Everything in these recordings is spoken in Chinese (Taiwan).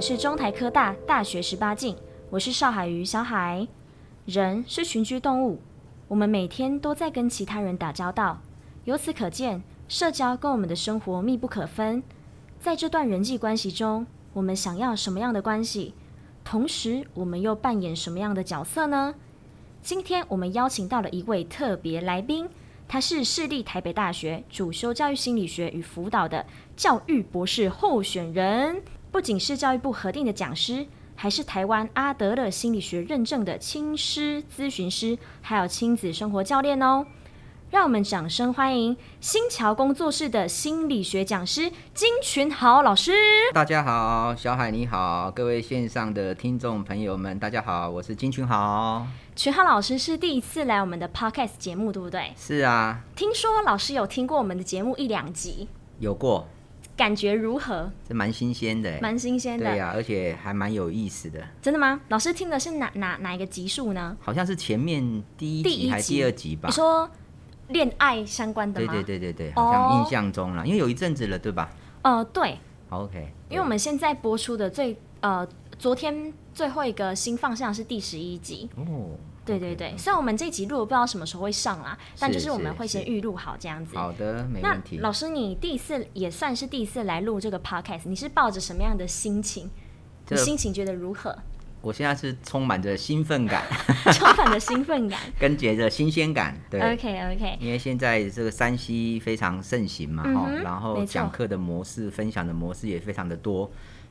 我是中台科大大學十八鏡，我是邵海與小海。人是群居動物，我們每天都在跟其他人打交道，由此可見，社交跟我們的生活密不可分。在這段人際關係中，我們想要什麼樣的關係？同時，我們又扮演什麼樣的角色呢？今天我們邀請到了一位特別來賓，他是市立台北大學主修教育心理學與輔導的教育博士候選人。不僅是教育部核定的講師，還是台灣阿德勒心理學認證的親師諮詢師，還有親子生活教練哦、喔。讓我們掌聲歡迎心橋工作室的心理學講師金群豪老師。大家好，小海你好，各位線上的聽眾朋友們，大家好，我是金群豪。群豪老師是第一次來我們的 Podcast 節目，對不對？是啊。聽說老師有聽過我們的節目一兩集，有過。感覺如何？這蠻新鮮的、欸，蠻新鮮的，對啊，而且還蠻有意思的。真的嗎？老師聽的是哪哪哪一個集數呢？好像是前面第一集還第二集吧？集你說戀愛相關的嗎？對對對對對，好像印象中了，oh. 因為有一陣子了，對吧？哦、呃，對，好 OK。因為我們現在播出的最呃昨天最後一個新放向是第十一集哦。Oh. 對對對，Okay, okay. 雖然我們這集錄不知道什麼時候會上啦、啊，但就是我們會先預錄好這樣子。好的，沒問題。那老師，你第一次也算是第一次來錄這個 podcast，你是抱着什麼樣的心情？你心情覺得如何？我現在是充滿着興奮感， 充滿着興奮感， 跟覺得新鮮感。對，OK OK。因為現在這個 3C 非常盛行嘛，哈、嗯，然後講課的模式、分享的模式也非常的多，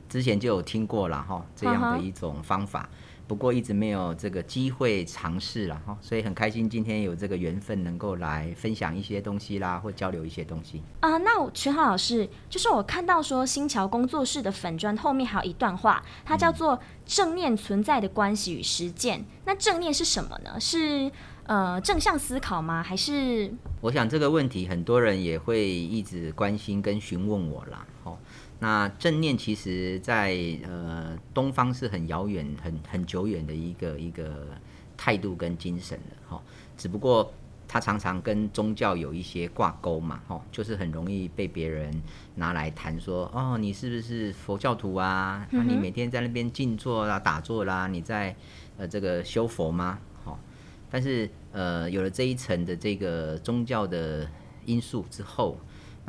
之前就有聽過了哈，這樣的一種方法。Uh-huh. 不過一直沒有這個機會嘗試了哈，所以很開心今天有這個緣分能夠來分享一些東西啦，或交流一些東西。啊、uh,，那群豪老師，就是我看到說心橋工作室的粉專後面還有一段話，它叫做正念存在的關係與實踐、嗯。那正念是什麼呢？是呃正向思考嗎？還是？我想這個問題很多人也會一直關心跟詢問我啦，哦那正念其實在，在呃東方是很遙遠、很很久遠的一個一個態度跟精神的哈、哦。只不過它常常跟宗教有一些掛鈎嘛，哈、哦，就是很容易被別人拿來談說，哦，你是不是佛教徒啊？Mm-hmm. 啊你每天在那邊靜坐啦、啊、打坐啦、啊，你在呃這個修佛嗎？哈、哦。但是呃有了這一層的這個宗教的因素之後。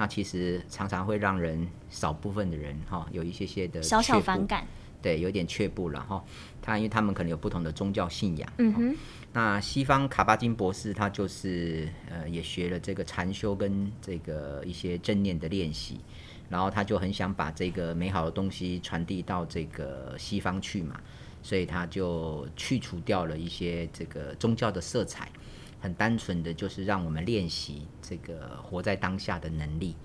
那其實常常會讓人少部分的人哈、哦、有一些些的少少反感，對，有點卻步了哈、哦。他因為他們可能有不同的宗教信仰、哦，嗯哼。那西方卡巴金博士他就是呃也學了這個禪修跟這個一些正念的練習，然後他就很想把這個美好的東西傳遞到這個西方去嘛，所以他就去除掉了一些這個宗教的色彩。很單純的就是讓我們練習這個活在當下的能力，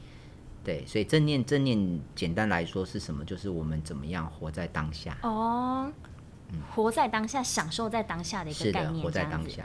對，所以正念正念，簡單來說是什麼？就是我們怎麼樣活在當下哦，活在當下，嗯，享受在當下的一個概念，是活在當下。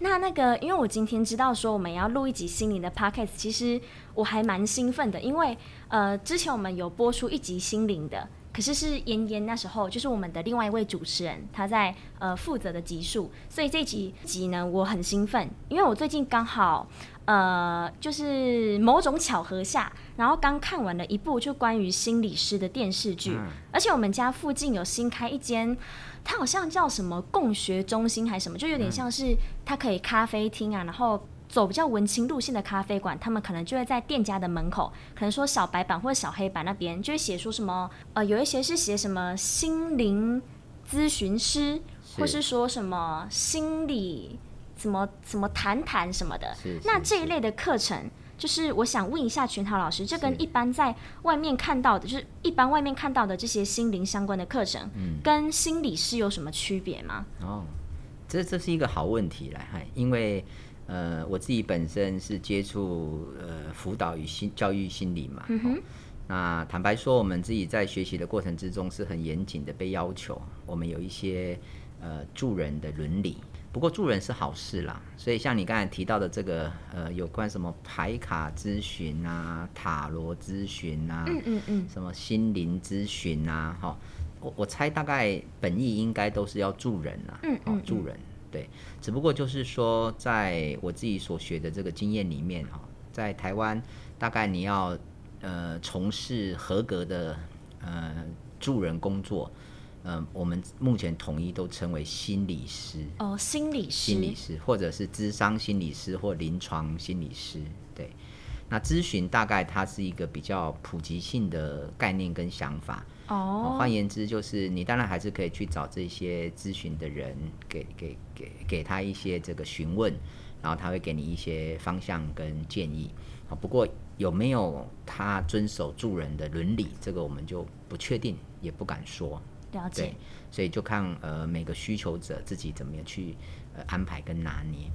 那那個，因為我今天知道說我們要錄一集心靈的 p o c a s t 其實我還蠻興奮的，因為呃，之前我們有播出一集心靈的。可是是嫣嫣那時候，就是我們的另外一位主持人，他在呃負責的集數，所以這集、嗯、集呢，我很興奮，因為我最近剛好呃就是某種巧合下，然後剛看完了一部就關於心理師的電視劇、嗯，而且我們家附近有新開一間，它好像叫什麼共學中心還是什麼，就有點像是它可以咖啡廳啊，然後。走比較文青路線的咖啡館，他們可能就會在店家的門口，可能說小白板或者小黑板那邊，就會寫說什麼呃，有一些是寫什麼心靈諮詢師，或是說什麼心理怎麼怎麼談談什麼的是是是是。那這一類的課程，就是我想問一下群豪老師，這跟一般在外面看到的，就是一般外面看到的這些心靈相關的課程、嗯，跟心理師有什麼區別嗎？哦，這這是一個好問題嘞，因為。呃，我自己本身是接觸呃輔導與心教育心理嘛、嗯哦，那坦白說，我們自己在學習的過程之中是很嚴謹的，被要求我們有一些呃助人的倫理。不過助人是好事啦，所以像你剛才提到的這個呃有關什麼牌卡諮詢啊、塔羅諮詢啊、嗯嗯，嗯什麼心靈諮詢啊，哈、哦，我我猜大概本意應該都是要助人啦，啊，嗯，嗯，嗯、哦，助人。對，只不過就是說，在我自己所學的這個經驗裡面，哦，啊，在台灣，大概你要呃從事合格的呃助人工作，呃，我們目前統一都稱為心理師哦，心理師，心理師或者是諮商心理師或臨床心理師。對，那諮詢大概它是一個比較普及性的概念跟想法哦，哦。換言之，就是你當然還是可以去找這些諮詢的人給給。給給他一些這個詢問，然後他會給你一些方向跟建議啊。不過有沒有他遵守助人的倫理，這個我們就不確定，也不敢說。了解，對，所以就看呃每個需求者自己怎麼樣去呃安排跟拿捏。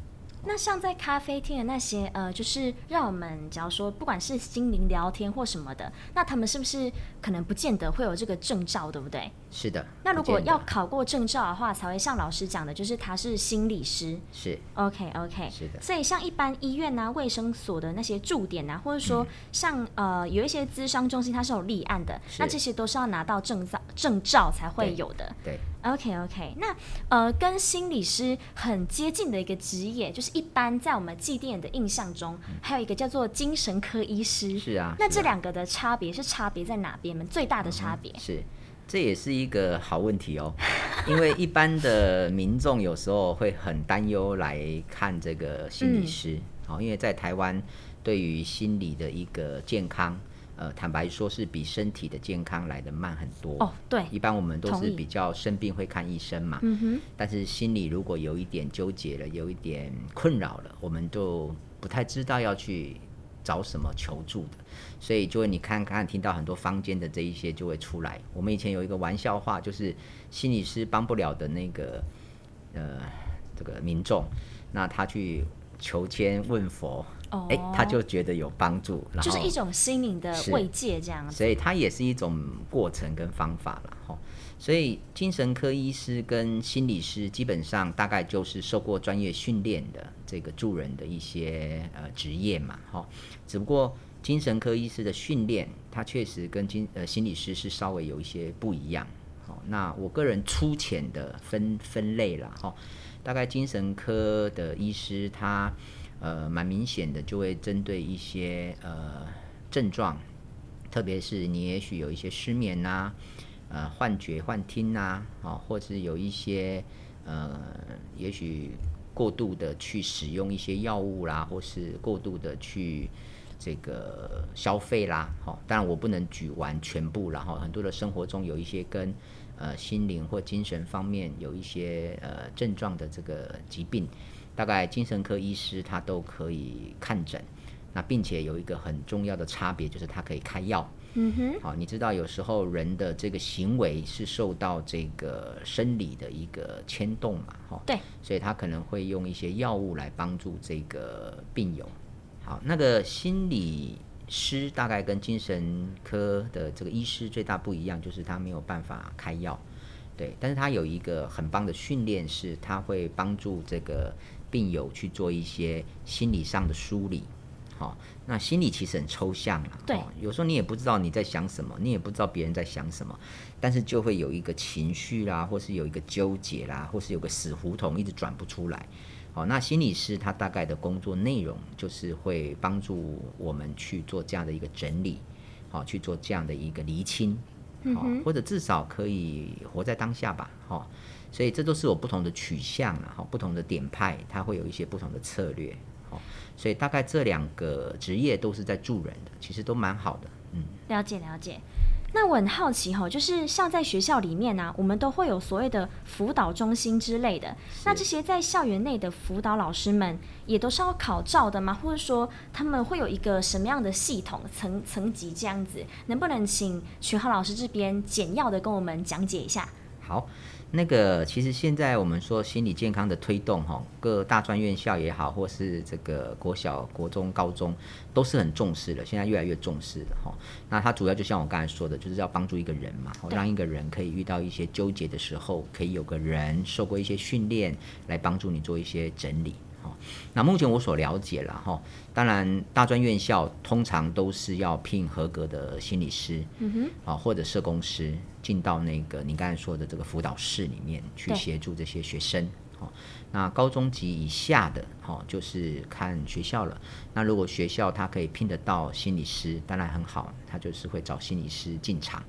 那像在咖啡廳的那些，呃，就是讓我們，假如說不管是心靈聊天或什麼的，那他們是不是可能不見得會有這個證照，對不對？是的。那如果要考過證照的話，才會像老師講的，就是他是心理師。是。OK OK。是的。所以像一般醫院啊、衛生所的那些駐點啊，或者說像、嗯、呃有一些諮商中心，它是有立案的，那這些都是要拿到證照證照才會有的。對。對 OK OK，那呃，跟心理師很接近的一個職業，就是一般在我們既定的印象中，還有一個叫做精神科醫師。嗯、是，啊是啊，那這兩個的差別是差別在哪邊？我們最大的差別是、啊、是，這也是一個好問題哦， 因為一般的民眾有時候會很擔憂來看這個心理師，好、嗯，因為在台灣對於心理的一個健康。呃，坦白說，是比身體的健康來得慢很多。哦、oh,，對，一般我們都是比較生病會看醫生嘛。嗯哼。Mm -hmm. 但是心裡如果有一點糾結了，有一點困擾了，我們就不太知道要去找什麼求助的，所以就會你看，看、聽到很多坊間的這一些就會出來。我們以前有一個玩笑話，就是心理師幫不了的那個呃這個民眾，那他去求籤問佛。哎、欸，他就覺得有幫助，然後就是一種心靈的慰藉這樣子。所以它也是一種過程跟方法了。所以精神科醫師跟心理師基本上大概就是受過專業訓練的這個助人的一些呃職業嘛哈。只不過精神科醫師的訓練，他確實跟精呃心理師是稍微有一些不一樣。那我個人粗淺的分分類了哈，大概精神科的醫師他。呃，蠻明顯的，就會針對一些呃症狀，特別是你也許有一些失眠吶、啊，呃，幻覺、幻聽吶，啊，或是有一些呃，也許過度的去使用一些藥物啦，或是過度的去這個消費啦，好、哦，當然我不能舉完全部啦，然後很多的生活中有一些跟呃心靈或精神方面有一些呃症狀的這個疾病。大概精神科醫師他都可以看診，那並且有一個很重要的差別就是他可以開藥。嗯哼。好，你知道有時候人的這個行為是受到這個生理的一個牽動嘛？哈。對。所以他可能會用一些藥物來幫助這個病友。好，那個心理師大概跟精神科的這個醫師最大不一樣就是他沒有辦法開藥。對。但是他有一個很棒的訓練是他會幫助這個。並有去做一些心理上的梳理。好，那心理其實很抽象了，對，有時候你也不知道你在想什麼，你也不知道別人在想什麼，但是就會有一個情緒啦，或是有一個糾結啦，或是有個死胡同一直轉不出來，好，那心理師他大概的工作內容就是會幫助我們去做這樣的一個整理，好，去做這樣的一個釐清。或者至少可以活在當下吧，哈。所以這都是有不同的取向哈，不同的點派，它會有一些不同的策略，所以大概這兩個職業都是在助人的，其實都蠻好的，嗯。了解，了解。那我很好奇哈、哦，就是像在學校裡面呢、啊，我們都會有所謂的輔導中心之類的。那這些在校園內的輔導老師們，也都是要考照的嗎？或者說他們會有一個什麼樣的系統層層級這樣子？能不能請群豪老師這邊簡要的跟我們講解一下？好。那個其實現在我們說心理健康的推動吼，各大專院校也好，或是這個國小、國中、高中，都是很重視的。現在越來越重視了吼。那它主要就像我剛才說的，就是要幫助一個人嘛，讓一個人可以遇到一些糾結的時候，可以有個人受過一些訓練來幫助你做一些整理。那目前我所了解了哈，當然大專院校通常都是要聘合格的心理師，嗯哼，啊或者社工師進到那個你剛才說的這個輔導室裡面去協助這些學生。那高中及以下的，就是看學校了。那如果學校他可以聘得到心理師，當然很好，他就是會找心理師進場。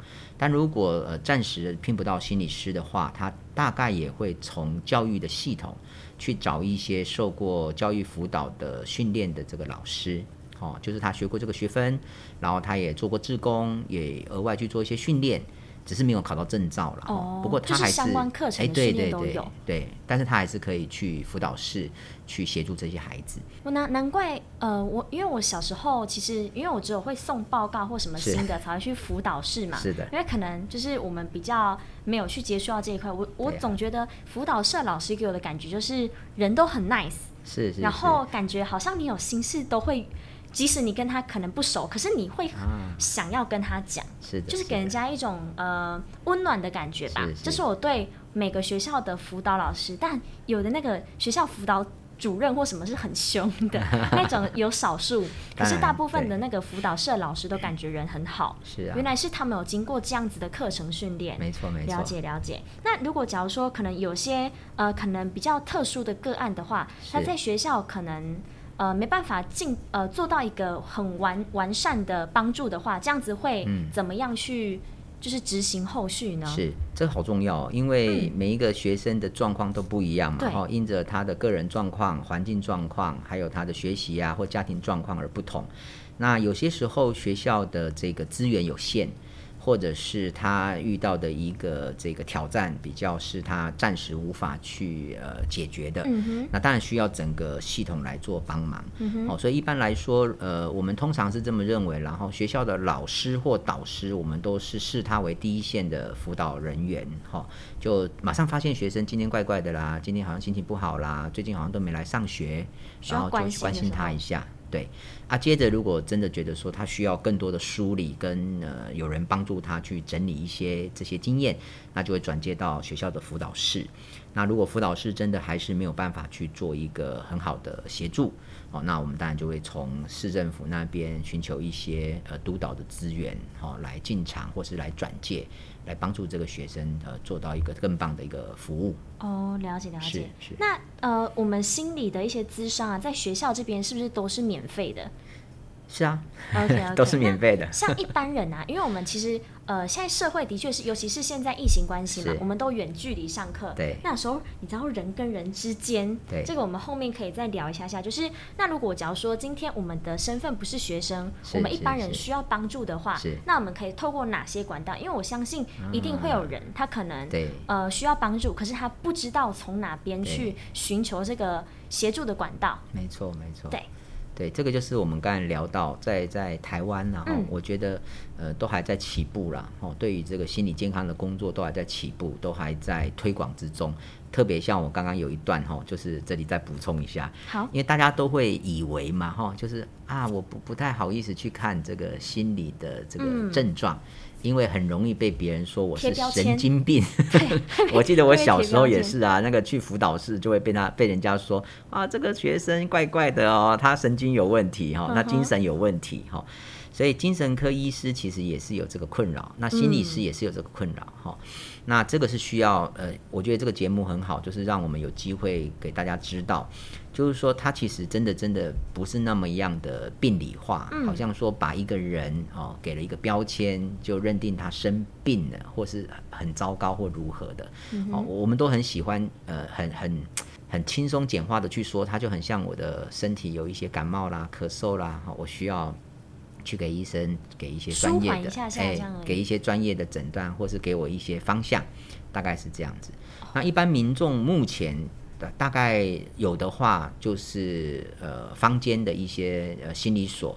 但如果呃暫時聘不到心理師的話，他大概也會從教育的系統去找一些受過教育輔導的訓練的這個老師，哦，就是他學過這個學分，然後他也做過志工，也額外去做一些訓練。只是沒有考到證照了，哦，不過他還是、就是、相關課程的都有、欸、對對對，對，對，對，但是他還是可以去輔導室去協助這些孩子。我難難怪，呃，我因為我小時候其實因為我只有會送報告或什麼新的才會去輔導室嘛，是的，因為可能就是我們比較沒有去接觸到這一塊。我我總覺得輔導室老師給我的感覺就是人都很 nice，是，是，是，是，然後感覺好像你有心事都會。即使你跟他可能不熟，可是你會想要跟他講，啊、是，就是給人家一種呃溫暖的感覺吧，是是。這是我對每個學校的輔導老師，但有的那個學校輔導主任或什麼是很兇的 那種，有少數， 可是大部分的那個輔導社老師都感覺人很好。是啊，原來是他們有經過這樣子的課程訓練。沒錯沒錯，了解了解。那如果假如說可能有些呃可能比較特殊的個案的話，他在學校可能。呃，沒辦法盡呃做到一個很完完善的幫助的話，這樣子會怎麼樣去就是執行後續呢？嗯、是，這好重要哦，因為每一個學生的狀況都不一樣嘛，然、嗯哦、因着他的個人狀況、環境狀況，還有他的學習啊或家庭狀況而不同。那有些時候學校的這個資源有限。或者是他遇到的一個這個挑戰，比較是他暫時無法去呃解決的。嗯哼，那當然需要整個系統來做幫忙。好、嗯哦，所以一般來說，呃，我們通常是這麼認為，然後學校的老師或導師，我們都是視他為第一線的輔導人員，哈、哦，就馬上發現學生今天怪怪的啦，今天好像心情不好啦，最近好像都沒來上學，然後就去關心他一下。對，啊，接着如果真的覺得說他需要更多的梳理跟呃有人幫助他去整理一些這些經驗，那就會轉介到學校的輔導室。那如果輔導室真的還是沒有辦法去做一個很好的協助，哦，那我們當然就會從市政府那邊尋求一些呃督導的資源，哈、哦，來進場或是來轉介。來幫助這個學生，呃，做到一個更棒的一個服務。哦，了解了解。是。是那呃，我們心理的一些諮商啊，在學校這邊是不是都是免費的？是啊，OK，OK，都是免費的。 像一般人啊，因為我們其實。呃，現在社會的確是，尤其是現在疫情關係嘛，我們都遠距離上課。對，那時候你知道人跟人之間，對，這個我們後面可以再聊一下下。就是那如果假如說今天我們的身份不是學生是，我們一般人需要幫助的話是，是，那我們可以透過哪些管道？因為我相信一定會有人，嗯，他可能對，呃，需要幫助，可是他不知道從哪邊去尋求這個協助的管道。沒錯，沒錯，對。對，這個就是我們剛才聊到。在在台灣呢、嗯，我覺得呃，都還在起步啦，哦，對於這個心理健康的工作都還在起步，都還在推廣之中。特別像我剛剛有一段哈，就是這裡再補充一下，好，因為大家都會以為嘛哈，就是啊，我不不太好意思去看這個心理的這個症狀。嗯因為很容易被別人說我是神經病， 我記得我小時候也是啊，那個去輔導室就會被他、被人家說啊，這個學生怪怪的哦，他神經有問題哦，那精神有問題哦。所以精神科醫師其實也是有這個困擾，那心理師也是有這個困擾哈，那這個是需要呃，我覺得這個節目很好，就是讓我們有機會給大家知道。就是說，他其實真的真的不是那麼一樣的病理化。嗯、好像說把一個人哦給了一個標籤，就認定他生病了，或是很糟糕或如何的。嗯哦、我們都很喜歡呃很很很輕鬆簡化的去說，他就很像我的身體有一些感冒啦、咳嗽啦，我需要去給醫生給一些專業的一下下、哎、給一些專業的診斷，或是給我一些方向，大概是這樣子。哦、那一般民眾目前，大概有的話，就是呃，坊間的一些呃心理所，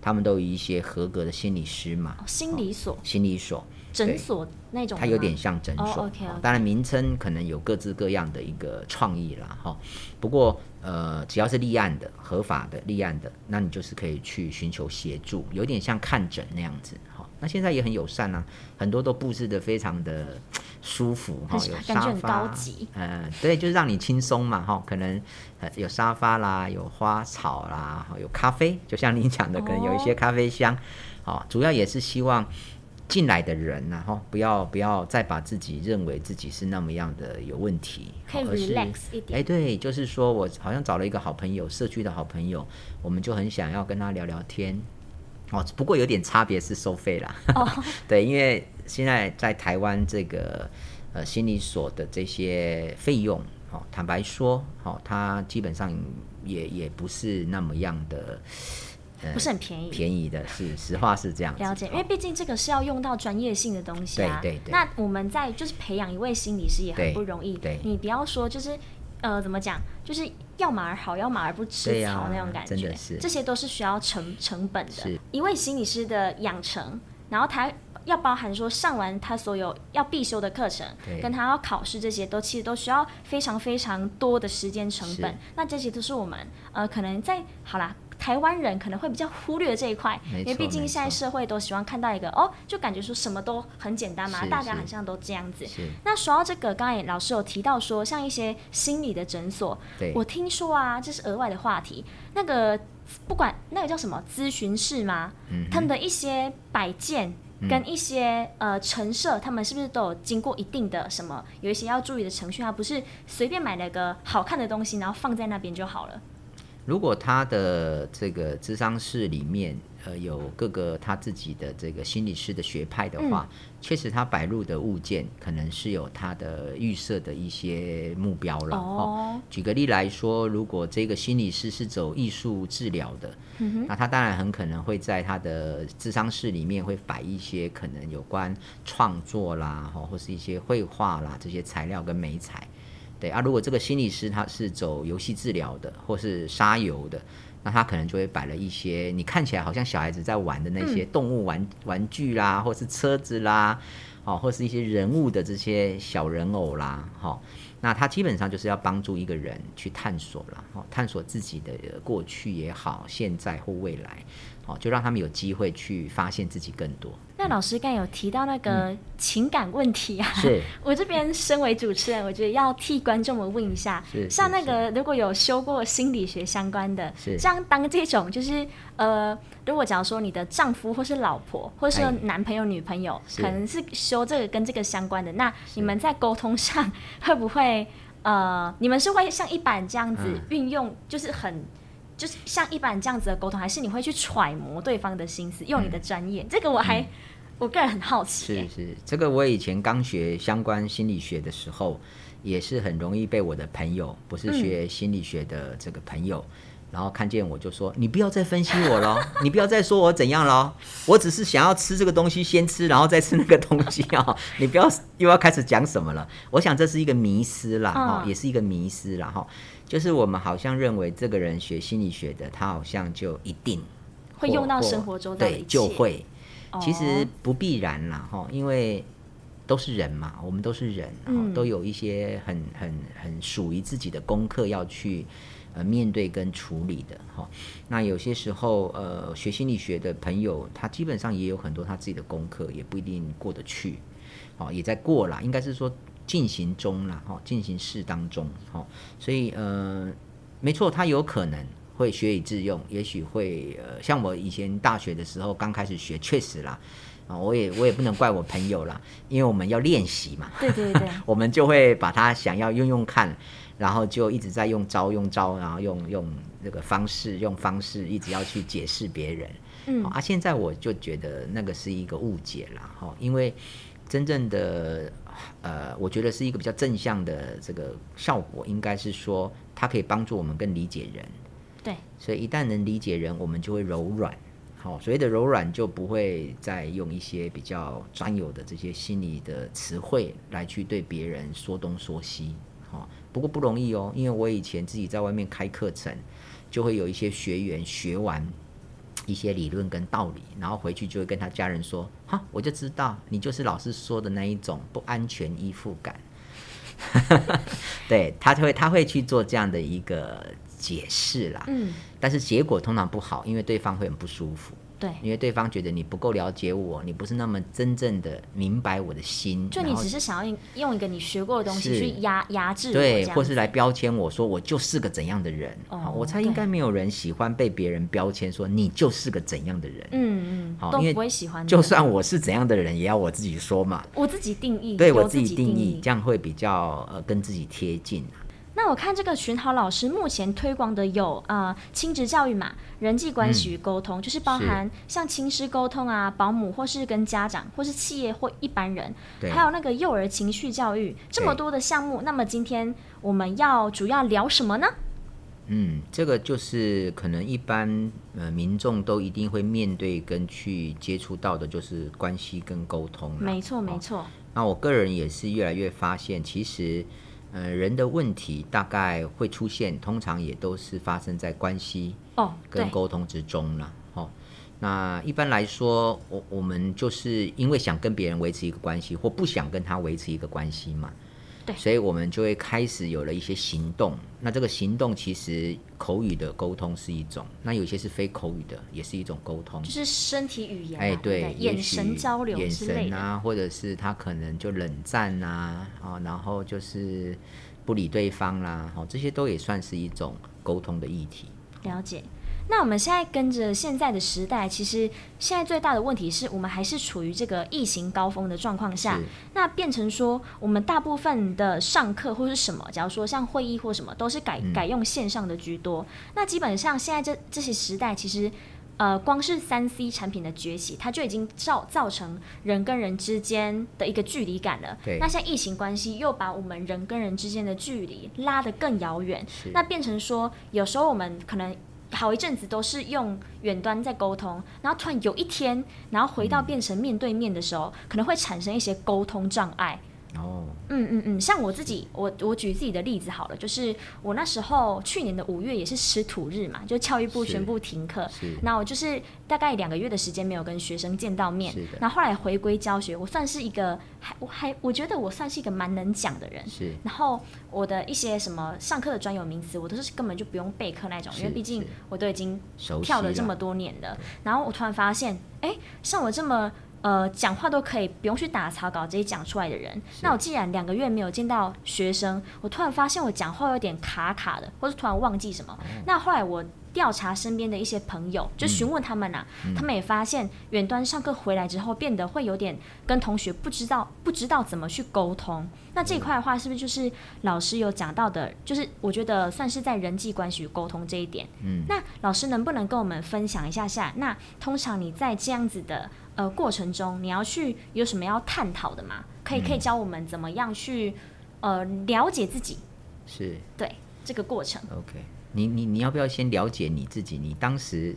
他們都有一些合格的心理師嘛。心理所，心理所，哦，診所那種。它有點像診所。哦，okay, okay. 哦，當然名稱可能有各自各樣的一個創意啦，哈、哦。不過呃，只要是立案的、合法的立案的，那你就是可以去尋求協助，有點像看診那樣子。那現在也很友善吶、啊，很多都佈置得非常的舒服哈、哦，有沙發高級，呃，對，就是讓你輕鬆嘛哈、哦，可能、呃、有沙發啦，有花草啦，哦、有咖啡，就像你講的、哦，可能有一些咖啡香，哦，主要也是希望進來的人吶、啊、哈、哦，不要不要再把自己認為自己是那麼樣的有問題，可以 relax 一點，哎，對，就是說我好像找了一個好朋友，社區的好朋友，我們就很想要跟他聊聊天。哦，不過有點差別是收費啦，oh. 呵呵，對，因為現在在台灣這個呃心理所的這些費用，哦，坦白說，哦，它基本上也也不是那麼樣的、呃，不是很便宜，便宜的是實話是這樣。了解、哦，因為畢竟這個是要用到專業性的東西啊。對對對。那我們在就是培養一位心理師也很不容易，對，對你不要說就是。呃，怎麼講？就是要馬兒好，要馬兒不吃草那種感覺。啊，真的是。這些都是需要成成本的。是。一位心理師的養成，然後他要包含說上完他所有要必修的課程，跟他要考試這些都，都其實都需要非常非常多的時間成本。那這些都是我們呃，可能在……好啦。台灣人可能會比較忽略這一塊，因為畢竟現在社會都喜歡看到一個哦，就感覺說什麼都很簡單嘛，大家好像都這樣子。是，是，那說到這個，剛才老師有提到說，像一些心理的診所對，我聽說啊，這、就是額外的話題。那個不管那個叫什麼諮詢室嗎？他們的一些擺件跟一些、嗯、呃陳設，他們是不是都有經過一定的什麼？有一些要注意的程序啊？不是隨便買了個好看的東西，然後放在那邊就好了。如果他的這個諮商室裡面，呃，有各個他自己的這個心理師的學派的話，確、嗯、實他擺入的物件可能是有他的預設的一些目標了。哦。舉個例來說，如果這個心理師是走藝術治療的，嗯哼，那他當然很可能會在他的諮商室裡面會擺一些可能有關創作啦，或是一些繪畫啦這些材料跟媒材。對啊，如果這個心理師他是走遊戲治療的，或是沙遊的，那他可能就會擺了一些你看起來好像小孩子在玩的那些動物玩玩具啦，或是車子啦，哦，或是一些人物的這些小人偶啦，哈、哦，那他基本上就是要幫助一個人去探索了，哦，探索自己的過去也好，現在或未來。哦，就讓他們有機會去發現自己更多。那老師剛有提到那個情感問題啊，嗯、我這邊身為主持人，我覺得要替觀眾們問一下，嗯、是像那個如果有修過心理學相關的，像當這種就是呃，如果假如說你的丈夫或是老婆，或是男朋友女朋友，可能是修這個跟這個相關的，那你們在溝通上會不會呃，你們是會像一般這樣子運用，就是很。嗯就是像一般這樣子的溝通，還是你會去揣摩對方的心思，用你的專業、嗯。這個我還、嗯、我個人很好奇。是是，這個我以前剛學相關心理學的時候，也是很容易被我的朋友，不是學心理學的這個朋友，嗯、然後看見我就說：“你不要再分析我了、喔， 你不要再說我怎樣了、喔，我只是想要吃這個東西，先吃然後再吃那個東西啊、喔， 你不要又要開始講什麼了。”我想這是一個迷思啦，哈、嗯，也是一個迷思啦，哈。就是我們好像認為這個人學心理學的，他好像就一定活活會用到生活中的，對，就會、哦。其實不必然啦，哈，因為都是人嘛，我們都是人，嗯、都有一些很、很、很屬於自己的功課要去呃面對跟處理的，哈。那有些時候，呃，學心理學的朋友，他基本上也有很多他自己的功課，也不一定過得去，哦，也在過啦，應該是說。進行中啦，哈，進行式當中，哈，所以呃，沒錯，他有可能會學以致用，也許會呃，像我以前大學的時候剛開始學，確實啦，啊，我也我也不能怪我朋友啦， 因為我們要練習嘛，對對對， 我們就會把他想要用用看，然後就一直在用招用招，然後用用那個方式用方式一直要去解釋別人，嗯，啊，現在我就覺得那個是一個誤解啦，哈，因為真正的。呃，我覺得是一個比較正向的這個效果，應該是說它可以幫助我們更理解人。對，所以一旦能理解人，我們就會柔軟。好、哦，所謂的柔軟就不會再用一些比較專有的這些心理的詞彙來去對別人說東說西。好、哦，不過不容易哦，因為我以前自己在外面開課程，就會有一些學員學完。一些理論跟道理，然後回去就會跟他家人說：“哈，我就知道你就是老師說的那一種不安全依附感。 對”對，他就會他會去做這樣的一個解釋啦，嗯，但是結果通常不好，因為對方會很不舒服。對，因為對方覺得你不夠了解我，你不是那麼真正的明白我的心。就你只是想要用一個你學過的東西去壓壓制我，對，或是來標籤我說我就是個怎樣的人。Oh, 我猜應該沒有人喜歡被別人標籤說你就是個怎樣的人。嗯嗯，好、嗯，因為不會喜歡。就算我是怎樣的人，也要我自己說嘛。我自己定義，對我自己定義，這樣會比較呃跟自己貼近。那我看這個群豪老師目前推廣的有啊，呃，親職教育嘛，人際關係與溝通，嗯，就是包含像親師溝通啊，保姆或是跟家長或是企業或一般人對，還有那個幼兒情緒教育這麼多的項目。那麼今天我們要主要聊什麼呢？嗯，這個就是可能一般呃民眾都一定會面對跟去接觸到的，就是關係跟溝通。沒錯，沒錯，哦。那我個人也是越來越發現，其實。呃，人的問題大概會出現，通常也都是發生在關係哦跟溝通之中了。哦、oh，那一般來說，我我們就是因為想跟別人維持一個關係，或不想跟他維持一個關係嘛。所以，我們就會開始有了一些行動。那這個行動其實口語的溝通是一種，那有些是非口語的，也是一種溝通，就是身體語言、啊。哎、欸，對，對，眼神交流的眼神啊，或者是他可能就冷戰啊，啊、哦，然後就是不理對方啦、啊，好、哦，這些都也算是一種溝通的議題。哦、了解。那我們現在跟着現在的時代，其實現在最大的問題是我們還是處於這個疫情高峰的狀況下。那變成說，我們大部分的上課或者是什麼，假如說像會議或什麼，都是改改用線上的居多。嗯。那基本上現在這這些時代，其實呃，光是三 C 產品的崛起，它就已經造造成人跟人之間的一個距離感了。對。那像疫情關係，又把我們人跟人之間的距離拉得更遙遠。是。那變成說，有時候我們可能。好一陣子都是用遠端在溝通，然後突然有一天，然後回到變成面對面的時候，嗯、可能會產生一些溝通障礙。哦、oh. 嗯，嗯嗯嗯，像我自己，我我舉自己的例子好了，就是我那時候去年的五月也是識土日嘛，就教育部宣布停課，那我就是大概兩個月的時間沒有跟學生見到面，那後，後來回歸教學，我算是一個還我還我覺得我算是一個蠻能講的人，是，然後我的一些什麼上課的專有名詞，我都是根本就不用備課那種，因為畢竟我都已經、啊、跳了這麼多年了，然後我突然發現，哎、欸，像我這麼。呃，講話都可以不用去打草稿，直接講出來的人。那我既然兩個月沒有見到學生，我突然發現我講話有點卡卡的，或是突然忘記什麼。哦、那後來我調查身邊的一些朋友，就詢問他們啊、嗯，他們也發現遠端上課回來之後，變得會有點跟同學不知道不知道怎麼去溝通。那這一塊的話，是不是就是老師有講到的、嗯，就是我覺得算是在人際關係溝通這一點。嗯，那老師能不能跟我們分享一下下？那通常你在這樣子的。呃，過程中你要去有什麼要探討的嗎？可以、嗯、可以教我們怎麼樣去呃了解自己，是對這個過程。OK，你你你要不要先了解你自己？你當時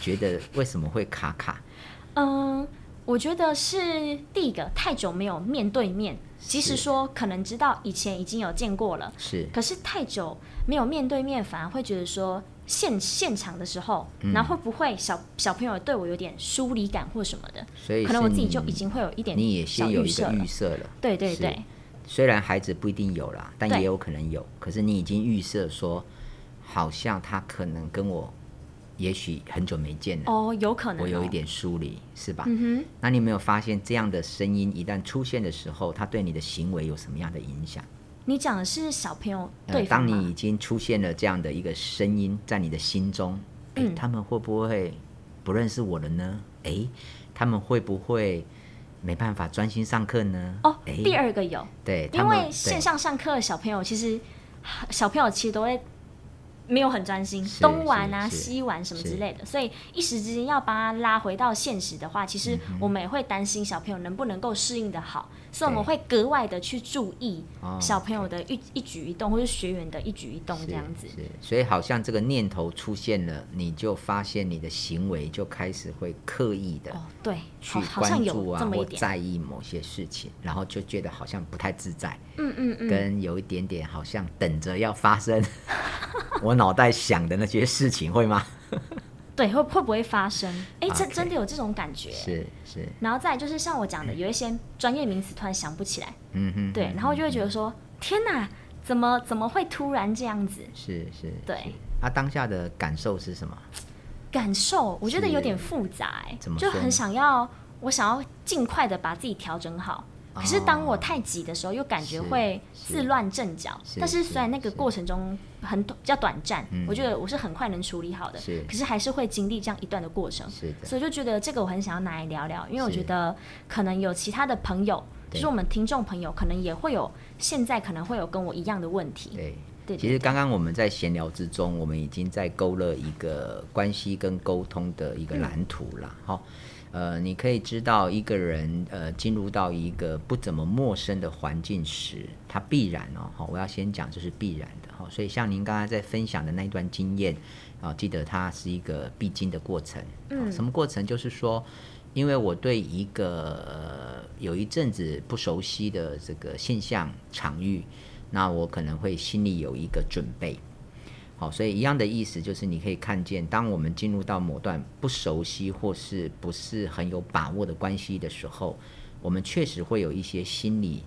覺得為什麼會卡卡？ 嗯，我覺得是第一個太久沒有面對面，即使說可能知道以前已經有見過了，是，可是太久沒有面對面，反而會覺得說。現現場的時候、嗯，然後會不會小小朋友對我有點疏離感或什麼的？所以可能我自己就已經會有一點你也先有一個預設了。對對對，雖然孩子不一定有啦，但也有可能有。可是你已經預設說，好像他可能跟我，也許很久沒見了。哦，有可能、哦、我有一點疏離，是吧？嗯哼。那你有沒有發現這樣的聲音一旦出現的時候，他對你的行為有什麼樣的影響？你講的是小朋友。對，當你已經出現了這樣的一個聲音在你的心中。嗯，欸，他們會不會不認識我了呢？欸，他們會不會沒辦法專心上課呢？哦，欸，第二個有，對，因為線上上課的小朋友其實，小朋友其實都會。沒有很專心，東玩啊西玩什麼之類的，所以一時之間要把他拉回到現實的話，其實我們也會擔心小朋友能不能夠適應的好，嗯、所以我們會格外的去注意小朋友的一一舉一動，或是學員的一舉一動這樣子是。是，所以好像這個念頭出現了，你就發現你的行為就開始會刻意的，對，去關注啊、哦、或在意某些事情，然後就覺得好像不太自在，嗯嗯，嗯跟有一點點好像等着要發生， 腦袋想的那些事情會嗎？ 對，會會不會發生？哎、欸，這、Okay. 真、真的有這種感覺，是是。然後再就是像我講的、嗯，有一些專業名詞突然想不起來，嗯哼，對，然後就會覺得說，嗯、天哪，怎麼怎麼會突然這樣子？是是，對。他、啊、當下的感受是什麼？感受，我覺得有點複雜，就很想要，我想要盡快的把自己調整好。可是當我太急的時候，又感覺會自亂陣腳。但是雖然那個過程中很，很比較短暫、嗯，我覺得我是很快能處理好的。是，可是還是會經歷這樣一段的過程。是的，所以就覺得這個我很想要拿來聊聊，因為我覺得可能有其他的朋友，是就是我們聽眾朋友，可能也會有現在可能會有跟我一樣的問題。對，對對對。其實剛剛我們在閒聊之中，我們已經在勾勒一個關係跟溝通的一個藍圖了，哈、嗯。呃，你可以知道一個人呃進入到一個不怎麼陌生的環境時，他必然哦，哦，我要先講這是必然的。哦，所以像您剛才在分享的那一段經驗，啊，哦，記得它是一個必經的過程，哦。什麼過程？就是說，因為我對一個、呃、有一陣子不熟悉的這個現象場域，那我可能會心裡有一個準備。好，所以一樣的意思就是，你可以看見，當我們進入到某段不熟悉或是不是很有把握的關係的時候，我們確實會有一些心裡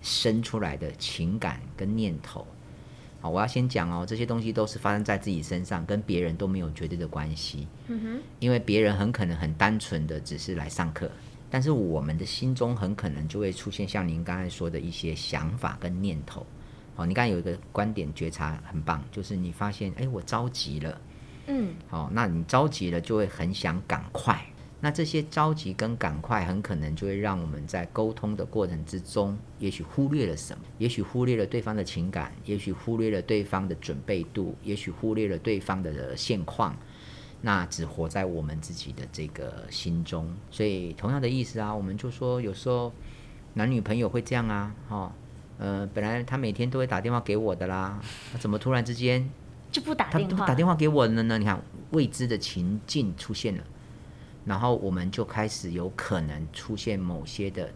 生出來的情感跟念頭。好，我要先講哦，這些東西都是發生在自己身上，跟別人都沒有絕對的關係。嗯哼。因為別人很可能很單純的只是來上課，但是我們的心中很可能就會出現像您剛才說的一些想法跟念頭。哦，你剛才有一個觀點覺察很棒，就是你發現，哎，我着急了，嗯，好、哦，那你着急了就會很想趕快，那這些着急跟趕快，很可能就會讓我們在溝通的過程之中，也許忽略了什麼，也許忽略了對方的情感，也許忽略了對方的準備度，也許忽略了對方的現況，那只活在我們自己的這個心中。所以同樣的意思啊，我們就說，有時候男女朋友會這樣啊，哦。呃，本來他每天都會打電話給我的啦，他怎麼突然之間就不打電話？他不打電話給我了呢？你看，未知的情境出現了，然後我們就開始有可能出現某些的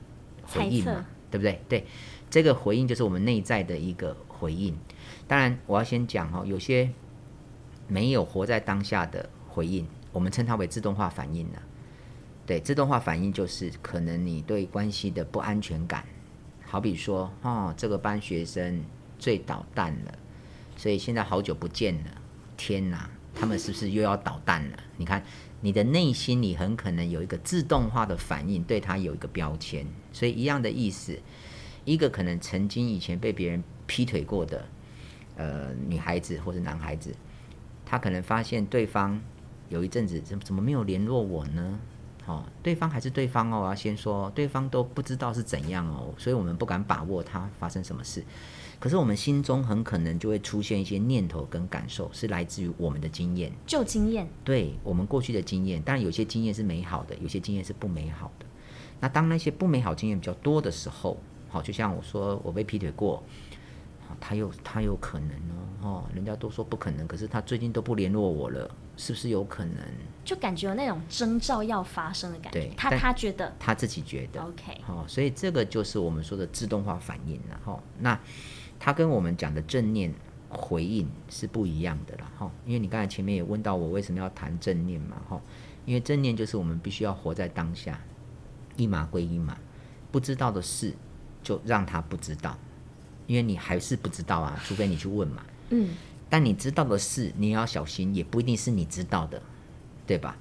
回應嘛，對不對？對，這個回應就是我們內在的一個回應。當然，我要先講哦，有些沒有活在當下的回應，我們稱它為自動化反應呢。對，自動化反應就是可能你對關係的不安全感。好比說，哦，這個班學生最搗蛋了，所以現在好久不見了，天哪，他們是不是又要搗蛋了？你看，你的內心裡很可能有一個自動化的反應，對他有一個標籤。所以一樣的意思，一個可能曾經以前被別人劈腿過的，呃，女孩子或是男孩子，他可能發現對方有一陣子怎麼怎麼沒有聯絡我呢？哦，對方還是對方哦，我要先說，對方都不知道是怎樣哦，所以我們不敢把握他發生什麼事。可是我們心中很可能就會出現一些念頭跟感受，是來自於我們的經驗，舊經驗，對，我們過去的經驗。當然有些經驗是美好的，有些經驗是不美好的。那當那些不美好經驗比較多的時候，好，就像我說我被劈腿過，他又他有可能哦，人家都說不可能，可是他最近都不聯絡我了。是不是有可能？就感覺有那種徵兆要發生的感覺。對，他他覺得他自己覺得。OK、哦。好，所以這個就是我們說的自動化反應了哈。那他跟我們講的正念回應是不一樣的了哈。因為你剛才前面也問到我為什麼要談正念嘛哈。因為正念就是我們必須要活在當下，一碼歸一碼，不知道的事就讓他不知道，因為你還是不知道啊，除非你去問嘛。嗯。但你知道的事，你要小心，也不一定是你知道的，對吧？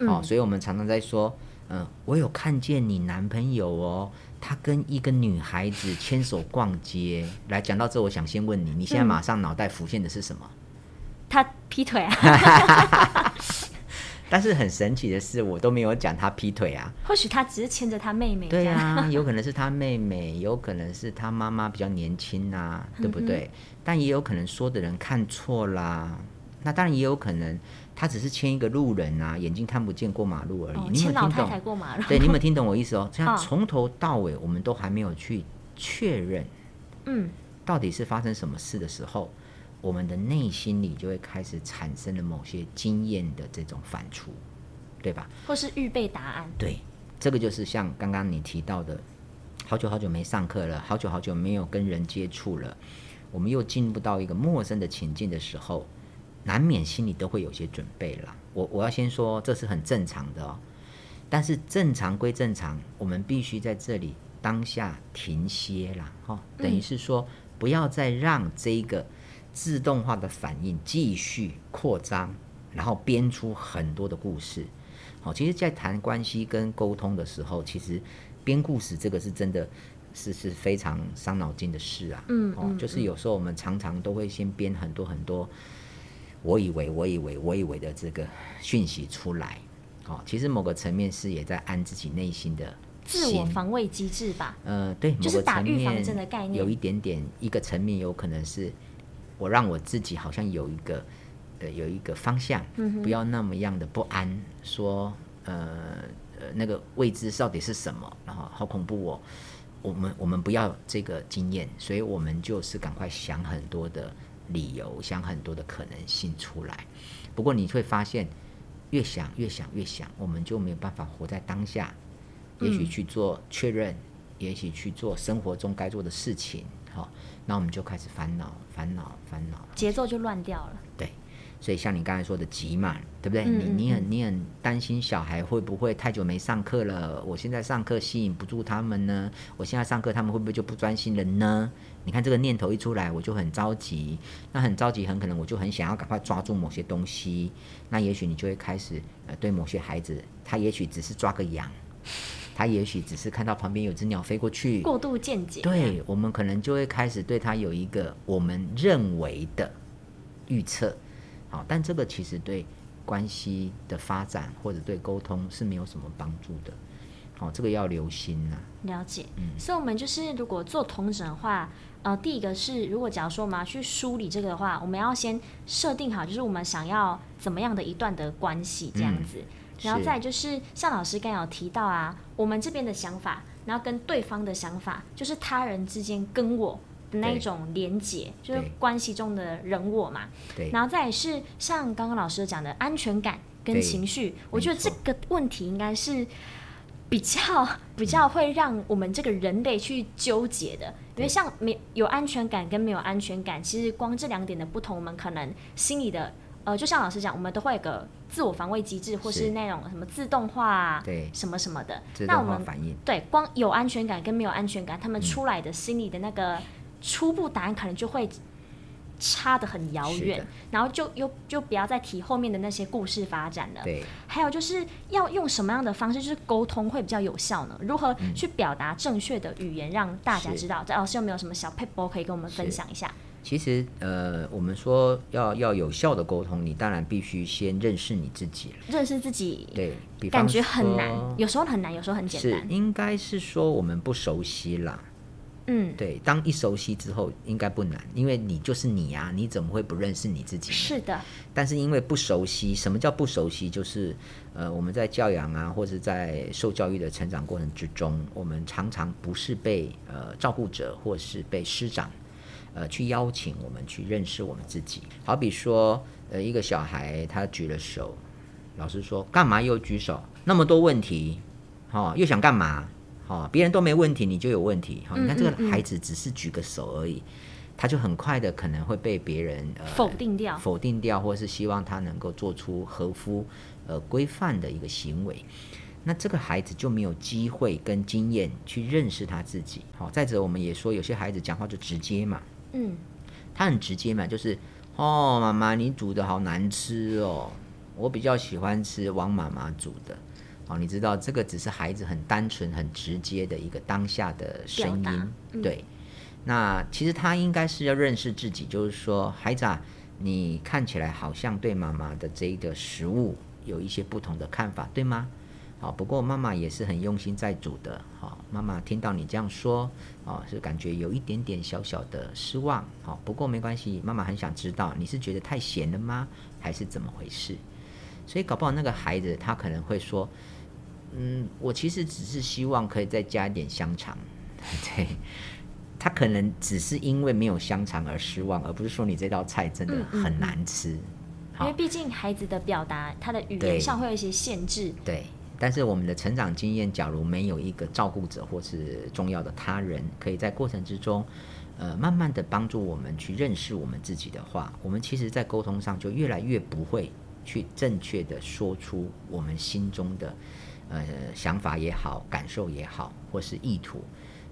好、嗯哦，所以我們常常在說，嗯、呃，我有看見你男朋友哦，他跟一個女孩子牽手逛街。 來講到這，我想先問你，你現在馬上腦袋浮現的是什麼？嗯、他劈腿啊！ 但是很神奇的是，我都沒有講他劈腿啊。或許他只是牽着他妹妹。對啊，有可能是他妹妹，有可能是他媽媽比較年輕啊，對不對？但也有可能說的人看錯啦。那當然也有可能，他只是牽一個路人啊，眼睛看不見過馬路而已。你有沒有聽懂？對，你有沒有聽懂我的意思哦？這樣從頭到尾，我們都還沒有去確認，嗯，到底是發生什麼事的時候。我們的內心裡就會開始產生了某些經驗的這種反芻，對吧？或是預備答案。對，這個就是像剛剛你提到的，好久好久沒上課了，好久好久沒有跟人接觸了，我們又進入到一個陌生的情境的時候，難免心裡都會有些準備了。我我要先說，這是很正常的哦。但是正常歸正常，我們必須在這裡當下停歇了，哈、哦，等於是說、嗯、不要再讓這一個。自動化的反應繼續擴張，然後編出很多的故事。好，其實，在談關係跟溝通的時候，其實編故事這個是真的是是非常傷腦筋的事啊。嗯，嗯，哦、嗯，就是有時候我們常常都會先編很多很多，我以為、我以為、我以為的這個訊息出來。哦，其實某個層面是也在按自己內心的心自我防衛機制吧。呃，對，就是打預防針的概念，有一點點一個層面有可能是。我讓我自己好像有一個，呃，有一個方向，不要那麼樣的不安。嗯、說，呃，呃，那個未知到底是什麼？然後好恐怖哦！我們我們不要這個經驗，所以我們就是趕快想很多的理由，想很多的可能性出來。不過你會發現，越想越想越想，我們就沒有辦法活在當下。也許去做確認，嗯、也許去做生活中該做的事情，哈、哦。那我們就開始煩惱，煩惱，煩惱，節奏就亂掉了。對，所以像你剛才說的急嘛，對不對、嗯？嗯嗯、你你很你很擔心小孩會不會太久沒上課了？我現在上課吸引不住他們呢？我現在上課他們會不會就不專心了呢？你看這個念頭一出來，我就很着急。那很着急，很可能我就很想要趕快抓住某些東西。那也許你就會開始呃，對某些孩子，他也許只是抓個癢。他也許只是看到旁邊有只鳥飛過去，過度見解。對，我們可能就會開始對他有一個我們認為的預測。好，但這個其實對關係的發展或者對溝通是沒有什麼幫助的。好，這個要留心啦。了解。嗯，所以，我們就是如果做同診的話，呃，第一個是，如果假如說我們要去梳理這個的話，我們要先設定好，就是我們想要怎麼樣的一段的關係這樣子。然後再就是像老師剛有提到啊，我們這邊的想法，然後跟對方的想法，就是他人之間跟我的那一種連結，就是關係中的人我嘛。對。然後再是像剛剛老師講的安全感跟情緒，我覺得這個問題應該是比較比較會讓我們這個人類去糾結的，因為像有安全感跟沒有安全感，其實光這兩點的不同，我們可能心理的。呃，就像老師講，我們都會有個自我防衛機製，或是那種什麼自動化、啊，對什麼什麼的。那我們反應。對，光有安全感跟沒有安全感，他們出來的心理的那個初步答案可能就會差得很遙遠，然後就又就不要再提後面的那些故事發展了。對。還有就是要用什麼樣的方式，就是溝通會比較有效呢？如何去表達正確的語言、嗯、讓大家知道？在老師有沒有什麼小撇步可以跟我們分享一下？其實，呃，我們說要要有效的溝通，你當然必須先認識你自己了。認識自己，對比方說，感覺很難，有時候很難，有時候很簡單。是，應該是說我們不熟悉了。嗯，對，當一熟悉之後，應該不難，因為你就是你呀、啊，你怎麼會不認識你自己？是的。但是因為不熟悉，什麼叫不熟悉？就是，呃，我們在教養啊，或者在受教育的成長過程之中，我們常常不是被呃照顧者，或是被師長。呃，去邀請我們去認識我們自己。好比說，呃，一個小孩他舉了手，老師說幹嘛又舉手？那麼多問題，哈、哦，又想幹嘛？哈、哦，別人都沒問題，你就有問題。好、哦，你看這個孩子只是舉個手而已，嗯嗯嗯，他就很快的可能會被別人、呃、否定掉，否定掉，或是希望他能夠做出合乎呃規範的一個行為。那這個孩子就沒有機會跟經驗去認識他自己。好、哦，再者我們也說，有些孩子講話就直接嘛。嗯，他很直接嘛，就是哦，媽媽你煮的好難吃哦，我比較喜歡吃王媽媽煮的，哦，你知道這個只是孩子很單純、很直接的一個當下的聲音，嗯、對。那其實他應該是要認識自己，就是說孩子啊，你看起來好像對媽媽的這一個食物有一些不同的看法，對嗎？好，不過媽媽也是很用心在煮的。好，媽媽聽到你這樣說，哦，是感覺有一點點小小的失望。好，不過沒關係，媽媽很想知道你是覺得太鹹了嗎？還是怎麼回事？所以搞不好那個孩子他可能會說：“嗯，我其實只是希望可以再加一點香腸。”對，他可能只是因為沒有香腸而失望，而不是說你這道菜真的很難吃。嗯嗯嗯，因為畢竟孩子的表達，他的語言上會有一些限制。對。對。但是我們的成長經驗，假如沒有一個照顧者或是重要的他人，可以在過程之中，呃，慢慢的幫助我們去認識我們自己的話，我們其實在溝通上就越來越不會去正確的說出我們心中的，呃，想法也好，感受也好，或是意圖，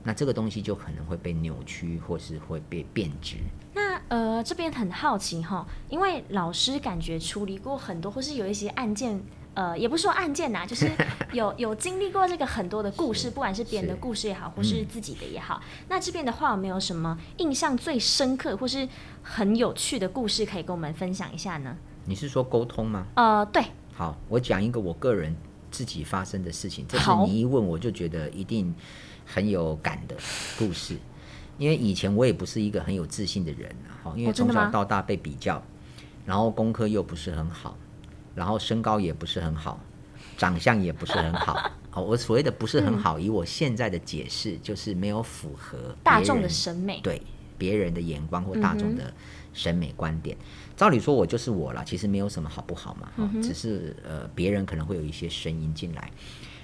那這個東西就可能會被扭曲，或是會被貶值。那呃，這邊很好奇哈、哦，因為老師感覺處理過很多，或是有一些案件。呃，也不是說案件吶、啊，就是有有經歷過這個很多的故事， 不管是別人的故事也好，或是自己的也好。嗯、那這邊的話，有沒有什麼印象最深刻或是很有趣的故事可以跟我們分享一下呢？你是說溝通嗎？呃，對。好，我講一個我個人自己發生的事情，這是你一問我就覺得一定很有感的故事，因為以前我也不是一個很有自信的人啊，因為從小到大被比較，哦、然後功課又不是很好。然後身高也不是很好，長相也不是很好。好、 哦，我所謂的不是很好，嗯，以我現在的解釋就是沒有符合大眾的審美，對別人的眼光或大眾的審美觀點。嗯，照理說，我就是我了，其實沒有什麼好不好嘛。哦嗯、只是呃，別人可能會有一些聲音進來，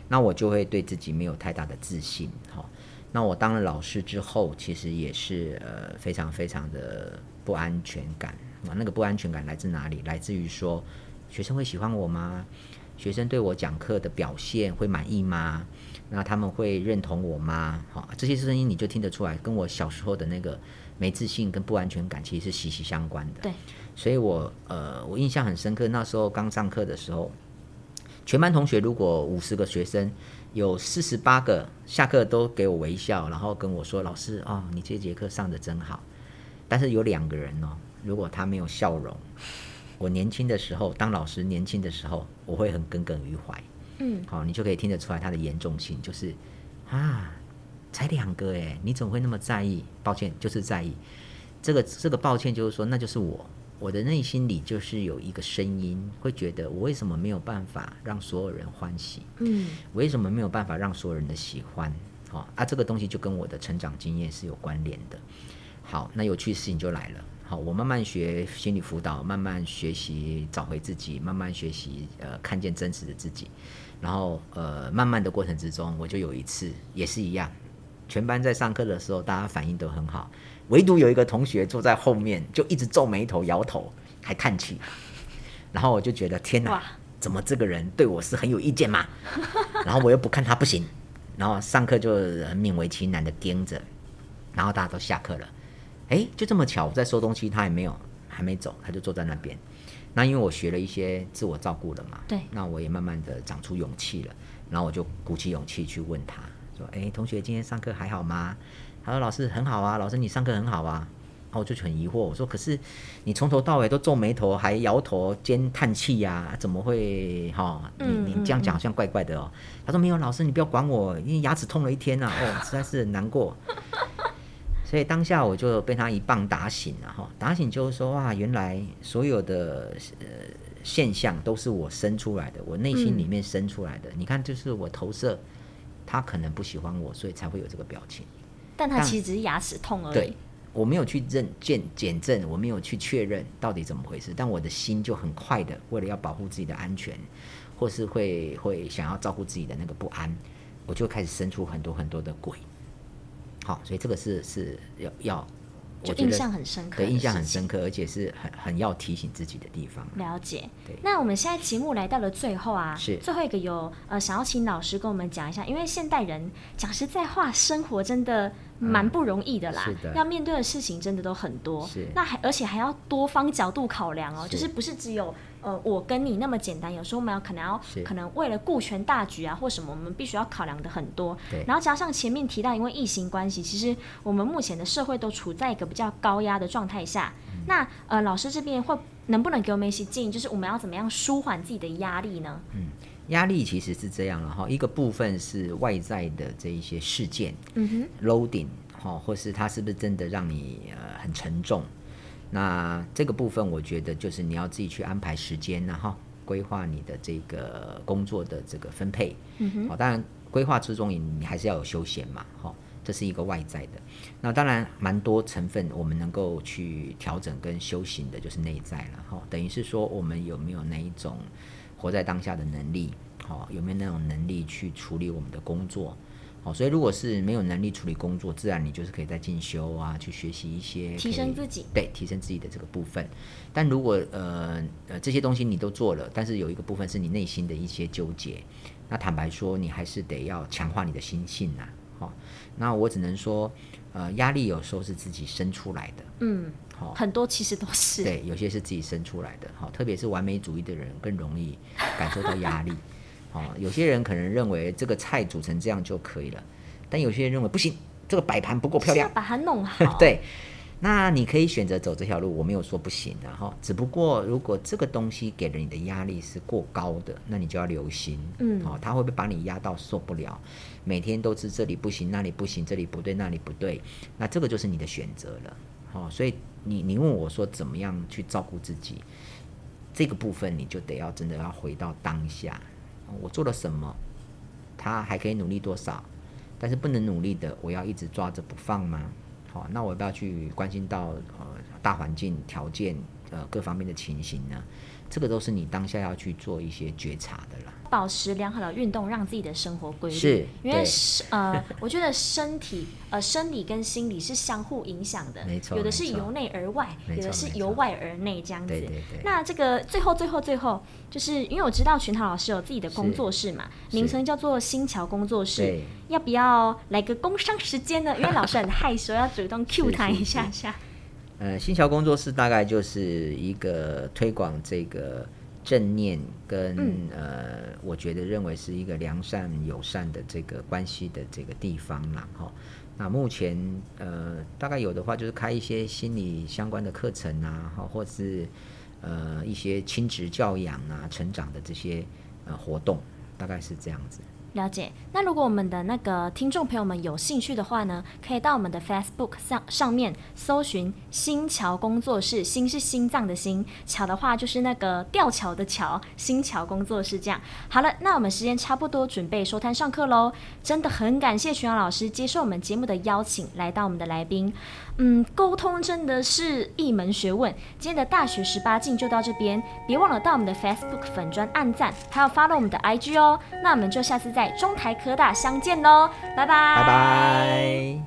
那我就會對自己沒有太大的自信。哈、哦，那我當了老師之後，其實也是呃，非常非常的不安全感。那那個不安全感來自哪裡？來自於說。學生會喜歡我嗎？學生對我講課的表現會滿意嗎？那他們會認同我嗎？好，這些聲音你就聽得出來，跟我小時候的那個沒自信跟不安全感其實是息息相關的。對，所以我呃，我印象很深刻，那時候剛上課的時候，全班同學如果五十個學生，有四十八個下課都給我微笑，然後跟我說：“老師哦，你這節課上得真好。”但是有兩個人哦，如果他沒有笑容。我年輕的時候當老師，年輕的時候我會很耿耿於懷。嗯，好，你就可以聽得出來他的嚴重性，就是啊，才兩個哎，你怎麼會那麼在意？抱歉，就是在意。這個這個，抱歉就是說，那就是我，我的內心裡就是有一個聲音，會覺得我為什麼沒有辦法讓所有人歡喜？嗯，我為什麼沒有辦法讓所有人的喜歡？哦，啊，這個東西就跟我的成長經驗是有關聯的。好，那有趣的事情就來了。好，我慢慢學心理輔導，慢慢學習找回自己，慢慢學習呃看見真實的自己，然後呃，慢慢的過程之中，我就有一次也是一樣，全班在上課的時候，大家反應都很好，唯獨有一個同學坐在後面，就一直皺眉頭、搖頭，還嘆氣，然後我就覺得天哪，怎麼這個人對我是很有意見嗎？然後我又不看他不行，然後上課就很勉為其難的盯着，然後大家都下課了。哎、欸，就這麼巧，我在收東西，他也沒有，還沒走，他就坐在那邊。那因為我學了一些自我照顧了嘛，對，那我也慢慢的長出勇氣了，然後我就鼓起勇氣去問他說：“哎、欸，同學，今天上課還好嗎？”他說：“老師很好啊，老師你上課很好啊。”然後我就很疑惑，我說：“可是你從頭到尾都皺眉頭，還搖頭、兼嘆氣呀，怎麼會？哈、哦，你你這樣講好像怪怪的哦。嗯嗯”他說：“沒有，老師你不要管我，因為牙齒痛了一天了、啊。’‘哦，實在是很難過。 ”所以當下我就被他一棒打醒了哈，打醒就是說哇，原來所有的呃現象都是我生出來的，我內心裡面生出來的。嗯、你看，就是我投射，他可能不喜歡我，所以才會有這個表情。但他其實只是牙齒痛而已。對，我沒有去認見檢證，我沒有去確認到底怎麼回事。但我的心就很快的，為了要保護自己的安全，或是會會想要照顧自己的那個不安，我就開始生出很多很多的鬼。好，所以這個是是要要，我覺得印象很深刻，對，印象很深刻，而且是很很要提醒自己的地方。了解，對，那我們現在節目來到了最後啊，是最後一個有呃，想要請老師跟我們講一下，因為現代人講實在話，生活真的。蠻不容易的啦、啊，是的，要面對的事情真的都很多。是，那還而且還要多方角度考量哦，是，就是不是只有呃我跟你那麼簡單，有時候我們要可能要可能為了顧全大局啊或什麼，我們必須要考量的很多。對。然後加上前面提到，因為疫情關係，其實我們目前的社會都處在一個比較高壓的狀態下。嗯、那呃，老師這邊會能不能給我們一些建議，就是我們要怎麼樣舒緩自己的壓力呢？嗯。壓力其實是這樣了哈，一個部分是外在的這一些事件，嗯哼，loading 哈，或是它是不是真的讓你呃很沉重？那這個部分我覺得就是你要自己去安排時間，然後規劃你的這個工作的這個分配，嗯哼，好，當然規劃之中也你還是要有休閒嘛，哈，這是一個外在的。那當然蠻多成分我們能夠去調整跟修行的就是內在了哈，等於是說我們有沒有那一種。活在當下的能力。好，有沒有那種能力去處理我們的工作，好，所以如果是沒有能力處理工作，自然你就是可以在進修啊，去學習一些提升自己，對提升自己的這個部分。但如果呃呃這些東西你都做了，但是有一個部分是你內心的一些糾結，那坦白說，你還是得要強化你的心性啊，好。那我只能說，呃，壓力有時候是自己生出來的，嗯。很多其實都是對，有些是自己生出來的。特別是完美主義的人更容易感受到壓力。 有些人可能認為這個菜煮成這樣就可以了，但有些人認為不行，這個擺盤不夠漂亮，把它弄好。 對，那你可以選擇走這條路，我沒有說不行的哈。只不過如果這個東西給了你的壓力是過高的，那你就要留心，嗯，他會不會把你壓到受不了？每天都吃這裡不行，那裡不行，這裡不對，那裡不對，那這個就是你的選擇了。哦，所以你你問我說怎麼樣去照顧自己，這個部分你就得要真的要回到當下，我做了什麼，他還可以努力多少，但是不能努力的，我要一直抓着不放嗎？好、哦，那我要不要去關心到呃大環境條件呃各方面的情形呢？這個都是你當下要去做一些覺察的了。保持良好的運動，讓自己的生活規律。是，因為呃， 我覺得身體呃，生理跟心理是相互影響的，沒錯。有的是由內而外，有的是由外而內，這樣子。那這個最後最後最後，就是因為我知道群豪老師有自己的工作室嘛，名稱叫做心橋工作室。要不要來個工商時間呢？因為老師很害羞， 要主動 Q 他一下一下。呃，心橋工作室大概就是一個推廣這個。正念跟呃，我覺得認為是一個良善友善的這個關係的這個地方啦，齁。那目前呃，大概有的話就是開一些心理相關的課程啊，齁，或是呃一些親職教養啊、成長的這些呃活動，大概是這樣子。了解，那如果我們的那個聽眾朋友們有興趣的話呢，可以到我們的 Facebook 上上面搜尋“心橋工作室”，“心”是心臟的“心”，“橋”的話就是那個吊橋的“橋”，“心橋工作室”這樣。好了，那我們時間差不多，準備收攤上課嘍。真的很感謝群豪老師接受我們節目的邀請，來到我們的來賓。嗯，溝通真的是一門學問。今天的大學十八鏡就到這邊，別忘了到我們的 Facebook 粉專按讚，還有 follow 我們的 IG 哦、喔。那我們就下次在中台科大相見嘍，拜拜。拜拜。